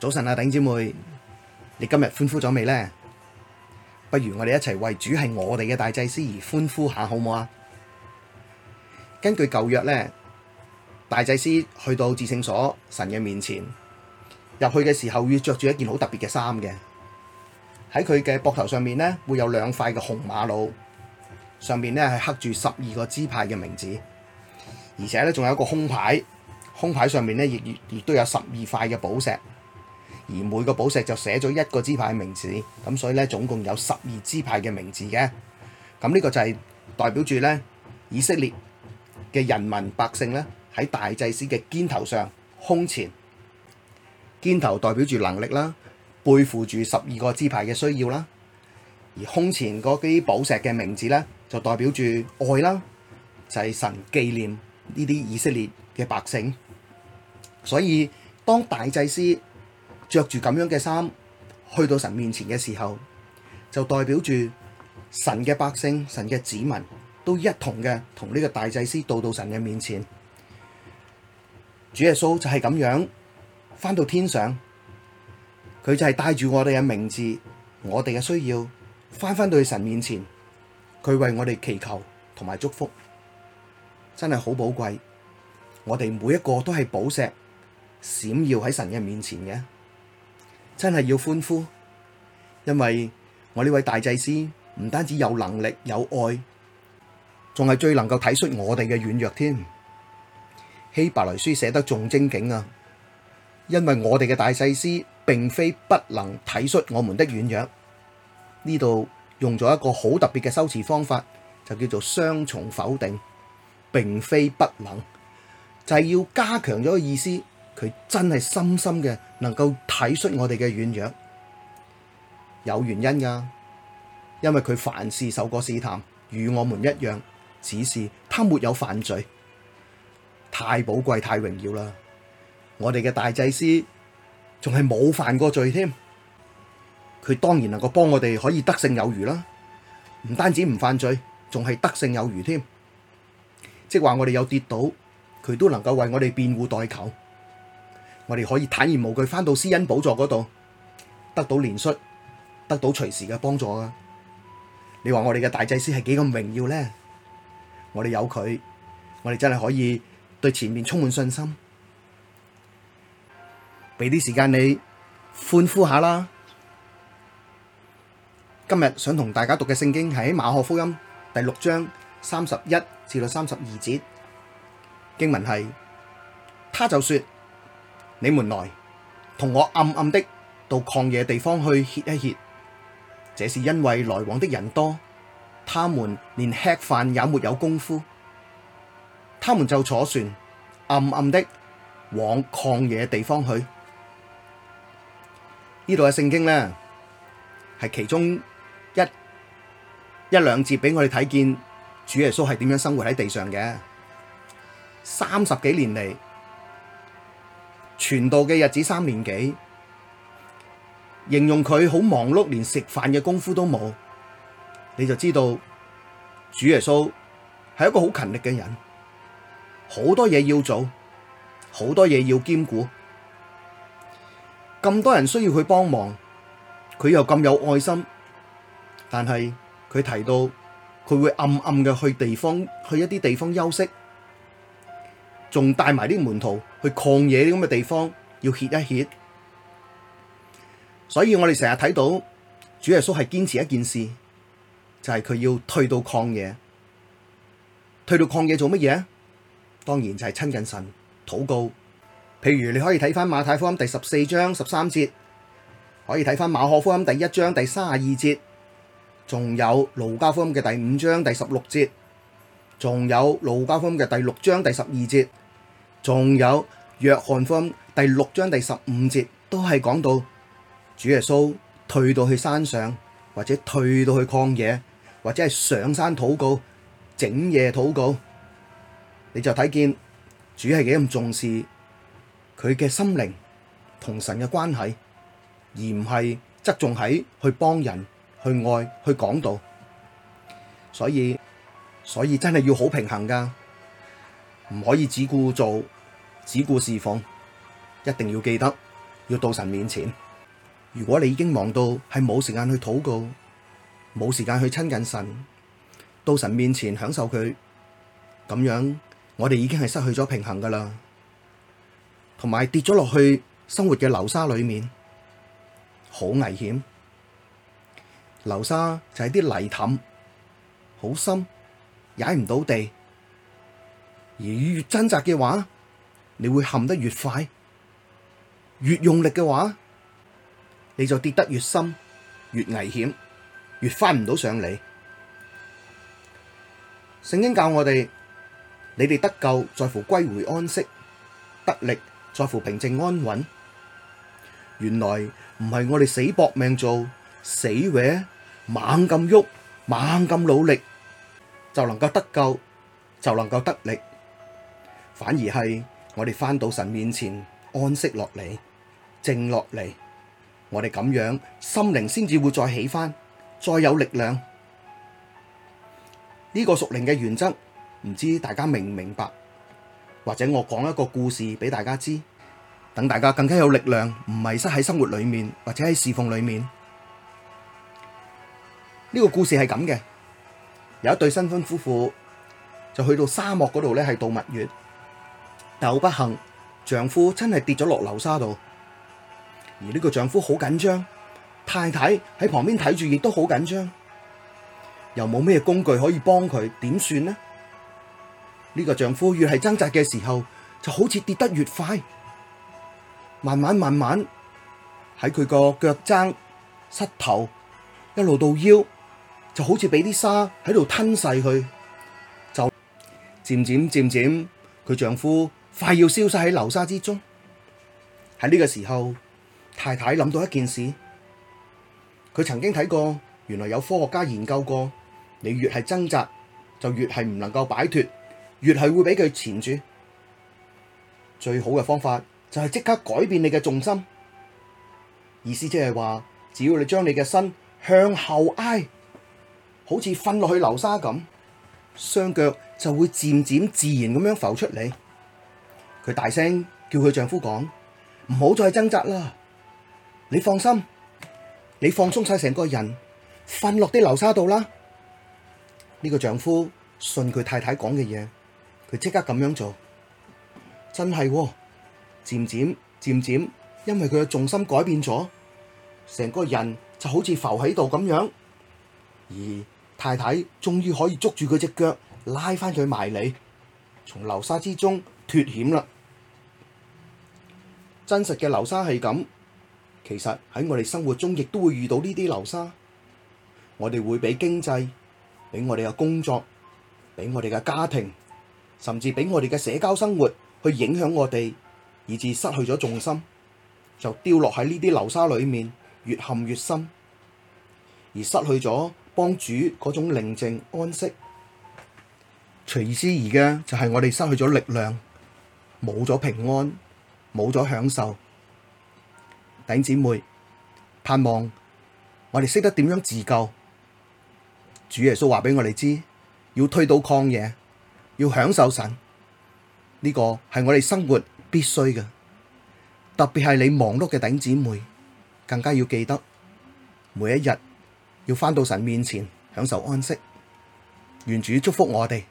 早晨啊，頂姐妹，你今日歡呼咗未呢？不如我哋一齊為主係我哋嘅大祭司而歡呼下，好唔好啊？根據舊約呢，大祭司去到至聖所神嘅面前入去嘅時候，要着住一件好特別嘅衫嘅，喺佢嘅膊頭上面呢，會有兩塊嘅紅瑪瑙，上面呢係刻住十二個支派嘅名字，而且呢仲有一個胸牌，胸牌上面呢，亦亦亦都有十二塊嘅寶石。而每個寶石就寫咗一個支派名字，咁所以咧總共有十二支派嘅名字嘅。咁呢個就係代表住咧以色列嘅人民百姓咧喺大祭司嘅肩頭上、胸前，肩頭代表住能力啦，背負住十二個支派嘅需要啦。而胸前嗰啲寶石嘅名字咧就代表住愛啦，就係、是、神記念呢啲以色列嘅百姓。所以當大祭司着住咁樣嘅衫去到神面前嘅時候，就代表住神嘅百姓、神嘅子民都一同嘅同呢個大祭司到到神嘅面前。主耶穌就係咁樣翻到天上，佢就係帶住我哋嘅名字、我哋嘅需要翻返到去神面前，佢為我哋祈求同埋祝福，真係好寶貴。我哋每一個都係寶石，閃耀喺神嘅面前嘅。真係要歡呼，因為我呢位大祭司唔單止有能力，有愛，仲係最能夠體恤我哋嘅軟弱添。希伯來書寫得仲精警啊！因為我哋嘅大祭司並非不能體恤我們的軟弱，呢度用咗一個好特別嘅修辭方法，就叫做雙重否定。並非不能，就係、是、要加強咗個意思。佢真係深深嘅，能夠體恤我哋嘅軟弱，有原因㗎。因為佢凡事受過試探，與我們一樣，只是他沒有犯罪，太寶貴、太榮耀啦。我哋嘅大祭司仲係冇犯過罪添，佢當然能夠幫我哋可以得勝有餘啦。唔單止唔犯罪，仲係得勝有餘添，即係話我哋有跌倒，佢都能夠為我哋辯護代求。我哋可以坦然無懼返到施恩寶座嗰度，得到憐恤，得到隨時嘅幫助啊！你話我哋嘅大祭司係幾咁榮耀呢？我哋有佢，我哋真係可以對前面充滿信心。俾啲時間你歡呼下啦！今日想同大家讀嘅聖經喺馬可福音第六章三十一至到三十二節經文係，他就說。你們來，同我暗暗的到曠野地方去歇一歇，這是因為來往的人多，他們連吃飯也沒有工夫，他們就坐船，暗暗的往曠野的地方去。呢度嘅聖經呢，係其中一一兩節俾我哋睇見主耶穌係點樣生活喺地上嘅，三十幾年嚟。傳道嘅日子三年幾，形容佢好忙碌，連食飯嘅功夫都冇，你就知道主耶穌係一個好勤力嘅人，好多嘢要做，好多嘢要兼顧，咁多人需要佢幫忙，佢又咁有愛心，但係佢提到佢會暗暗嘅去地方，去一啲地方休息。仲帶埋啲門徒去曠野啲咁嘅地方，要歇一歇。所以我哋成日睇到主耶穌係堅持一件事，就係、是、佢要退到曠野，退到曠野做乜嘢？當然就係親近神、禱告。譬如你可以睇翻馬太福音第十四章十三節，可以睇翻馬可福音第一章第三十二節，仲有路加福音嘅第五章第十六節，仲有路加福音嘅第六章第十二節。仲有約翰福音第六章第十五節，都係講到主耶穌退到去山上，或者退到去曠野，或者係上山禱告，整夜禱告，你就睇見主係幾咁重視佢嘅心靈同神嘅關係，而唔係側重喺去幫人、去愛、去講道，所以所以真係要好平衡噶。唔可以只顧做，只顧侍奉，一定要記得要到神面前。如果你已經忙到係冇時間去禱告，冇時間去親近神，到神面前享受佢，咁樣我哋已經係失去咗平衡噶啦，同埋跌咗落去生活嘅流沙裏面，好危險。流沙就係啲泥凼，好深，踩唔到地。而越掙扎嘅話，你會陷得越快；越用力嘅話，你就跌得越深、越危險、越翻唔到上嚟。聖經教我哋：你哋得救在乎歸回安息，得力在乎平靜安穩。原來唔係我哋死搏命做、死搲、猛咁喐、猛咁努力，就能夠得救，就能夠得力。反而係我哋翻到神面前安息落嚟，靜落嚟，我哋咁樣心靈先至會再起翻，再有力量。呢個屬靈嘅原則，唔知大家明唔明白？或者我講一個故事俾大家知，等大家更加有力量，唔迷失喺生活裏面或者喺侍奉裏面。呢個故事係咁嘅，有一對新婚夫婦就去到沙漠嗰度咧，係度蜜月。但好不幸，丈夫真係跌咗落流沙度。而呢個丈夫好緊張，太太喺旁邊睇住亦都好緊張，又冇咩工具可以幫佢，點算呢？呢個丈夫越係掙扎嘅時候，就好似跌得越快，慢慢慢慢喺佢個腳踭、膝頭一路到腰，就好似俾啲沙喺度吞噬佢，就漸漸漸漸佢丈夫。快要消失喺流沙之中，喺呢個時候，太太諗到一件事。佢曾經睇過，原來有科學家研究過，你越係掙扎，就越係唔能夠擺脫，越係會俾佢纏住。最好嘅方法就係即刻改變你嘅重心。意思即係話，只要你將你嘅身向後挨，好似瞓落去流沙咁，雙腳就會漸漸自然咁樣浮出嚟。佢大聲叫佢丈夫講：唔好再掙扎啦！你放心，你放鬆晒成個人，瞓落啲流沙度啦。呢個丈夫信佢太太講嘅嘢，佢即刻咁樣做，真係、哦，漸漸漸漸，因為佢嘅重心改變咗，成個人就好似浮喺度咁樣，而太太終於可以捉住佢隻腳，拉翻佢埋嚟，從流沙之中脫險啦。真實嘅流沙係咁，其實喺我哋生活中亦都會遇到呢啲流沙，我哋會俾經濟，俾我哋嘅工作，俾我哋嘅家庭，甚至俾我哋嘅社交生活去影響我哋，以至失去咗重心，就掉落喺呢啲流沙裏面，越陷越深，而失去咗幫主嗰種寧靜安息，隨之而嘅就係我哋失去咗力量，冇咗平安。冇咗享受，頂姊妹盼望我哋識得點樣自救。主耶穌話俾我哋知，要推到曠野，要享受神。呢、這個係我哋生活必須嘅，特別係你忙碌嘅頂姊妹，更加要記得每一日要返到神面前享受安息。願主祝福我哋。